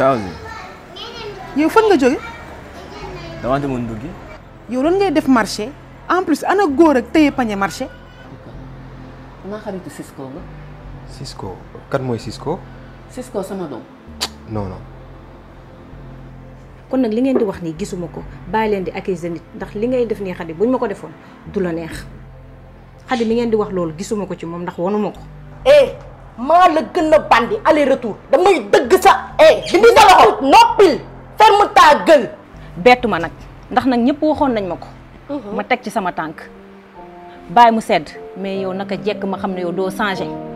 thousand. yow fan nga jóge dama demoon duggi yow lan ngay def marché en plus ana góor ak téye pañe marché. maa xaritu Cisco nga. kat mooy Cisco. Cisco sama doom. non kon nag li ngeen di wax nii gisuma ko bàyyi leen di accuser nit ndax li ngay def nii xadi buñ ma ko defoon du la neex xadi mi ngeen di wax loolu gisuma ko ci moom ndax wanuma ko. Eh! maa la gën a bandi aller retour damay dëgg sa eh dindi sa loxo noppil ferme ta ma nag ndax nag ñëpp waxoon nañ ma ko mhm. ma teg ci sama tànk bàyyi mu sedd mais yow naka jekk ma xam ne yow doo changé